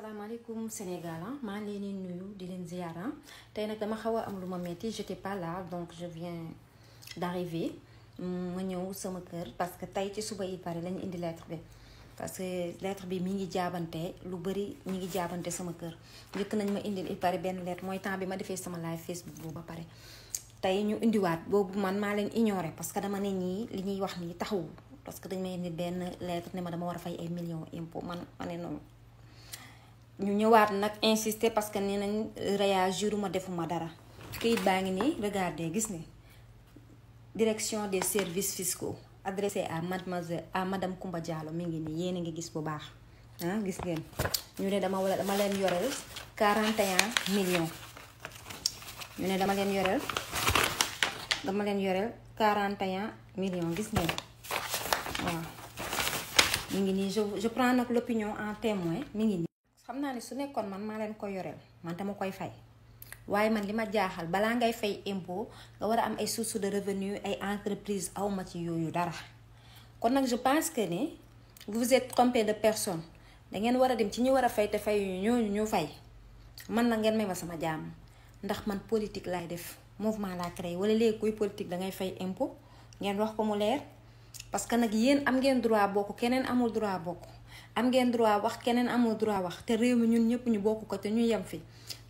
salaamaaleykum Sénégal maa ngi leen di nuyu di leen ziar tey nag dama xaw a am lu ma metti j'étais pas là donc je viens d'arriver mm, ma ñëw sama kër parce que tey ci suba yi pare lañu indi lettre bi parce que lettre bi mi ngi jaabante lu bëri mi ngi jaabante sama kër njëkk nañ ma indil i benn lettre mooy temps bi ma defee sama live Facebook boobu ba pare tey ñu indiwaat boobu man maa leen ignoré parce que dama ne ñii li ñuy wax nii taxawul parce que dañ may indi benn lettre ne ma dama war a fay ay millions impôt man ma ne noonu ñu ñëwaat nag insister parce que nee nañ réagiruma defuma dara këyit baa ngi nii regardez gis ni direction des service fiscaux adressé à mademoiselle à madame Koumba Diallo mi ngi nii yéen a ngi gis bu baax ah, gis ngeen ñu ne dama wala dama leen yoreel 41 millions ñu ne dama leen yoreel dama leen yoreel 41 million gis ngeen waaw mi ngi nii je je prends nag l'opinion en témoin mi ngi nii xam naa ne su nekkoon man maa leen ko yoreel man dama koy fay waaye man li ma jaaxal balaa ngay fay impôt nga war a am ay source de revenu ay entreprise awma ci yooyu dara kon nag je pense que ni vous vous êtes de personne da ngeen war a dem ci ñu war a fay te fay ñooñu ñu fay man na ngeen may ma sama jàmm ndax man politique laay def mouvement laa créé wala léegi kuy politique da ngay fay impôt ngeen wax ko mu leer parce que nag yéen am ngeen droit bokk keneen amul droit bokk. am ngeen droit wax keneen amul droit wax te réew mi ñun ñëpp ñu bokk ko te ñu yem fi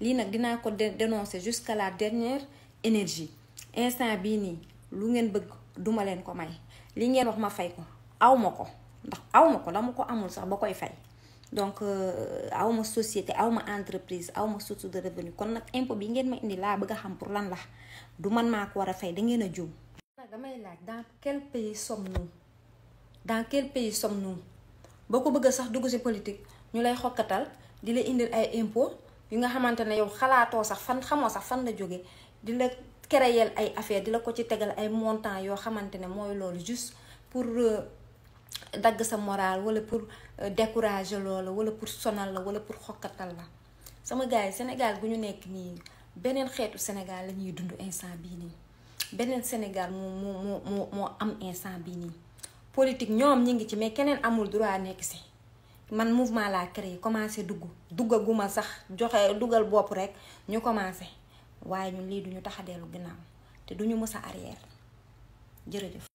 lii nag dinaa ko dénoncer jusqu'à la dernière énergie instant bii nii lu ngeen bëgg duma leen ko may lii ngeen wax ma fay ko aw ma ko ndax aw ma ko dama ko amul sax ba koy fay donc euh, aw ma société aw ma entreprise aw ma source de revenu kon nag impôt bi ngeen ma indi laa bëgg xam pour lan la du man maa ko war a fay da ngeen a juum. damay laaj dans quel pays sommes-nous dans quel boo ko bëgg sax dugg si politique ñu lay xokkatal di la indil ay impôt yu nga xamante ne yow xalaatoo sax fan xamoo sax fan la jóge di la ay affaire di la ko ci tegal ay montant yoo xamante ne mooy loolu juste pour euh, dagg sa moral wala pour euh, décourage loola wala pour sonal la wala pour xokkatal la sama gars yi Sénégal gu ñu nekk nii beneen xeetu Sénégal la ñuy dund instant bii nii beneen Sénégal moo moo moo moo am instant bii nii politique ñoom ñu ngi ci mais keneen amul droit nekk si man mouvement laa yi commencé dugg duggaguma sax joxe dugal bopp rek ñu commencé waaye ñun lii duñu tax a dellu ginnaaw te duñu mës a arrière jërëjëf.